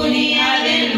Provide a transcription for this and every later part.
Un día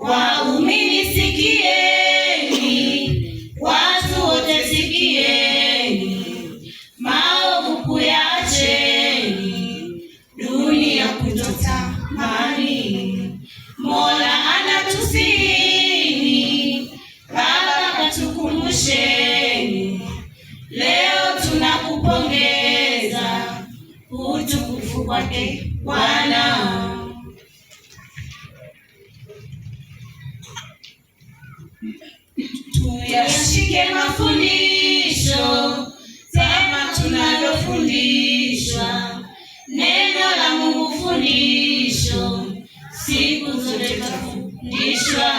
Bwana kwa utukufu kwake Bwana. Tuyashike mafundisho kama tunavyofundishwa neno la Mungu fundisho, siku zote tafundishwa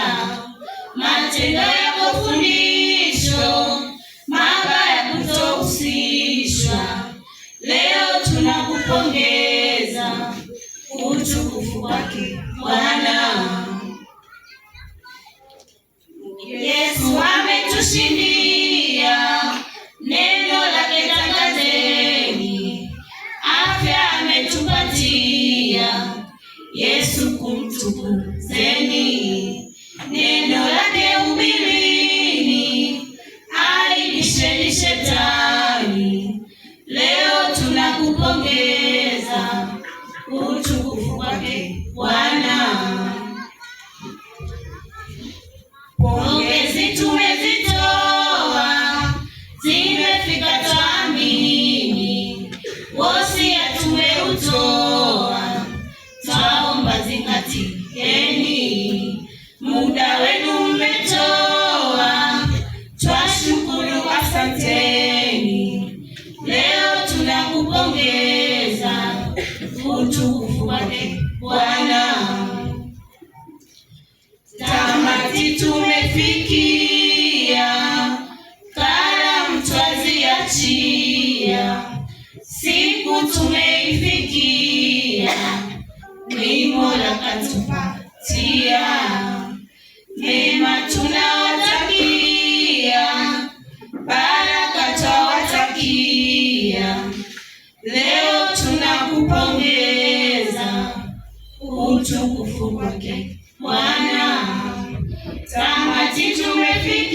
matendo ya mafundisho Yesu kumtukuzeni, neno lake hubirini, aibisheni Shetani. Leo tunakupongeza utukufu wake Mtwazi tumefikia, kala Mtwazi achia, siku tumeifikia, limo la katupatia, mema tunawatakia, baraka twawatakia, leo tunakupongeza utukufu kwake Bwana. wakati tumefika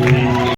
you.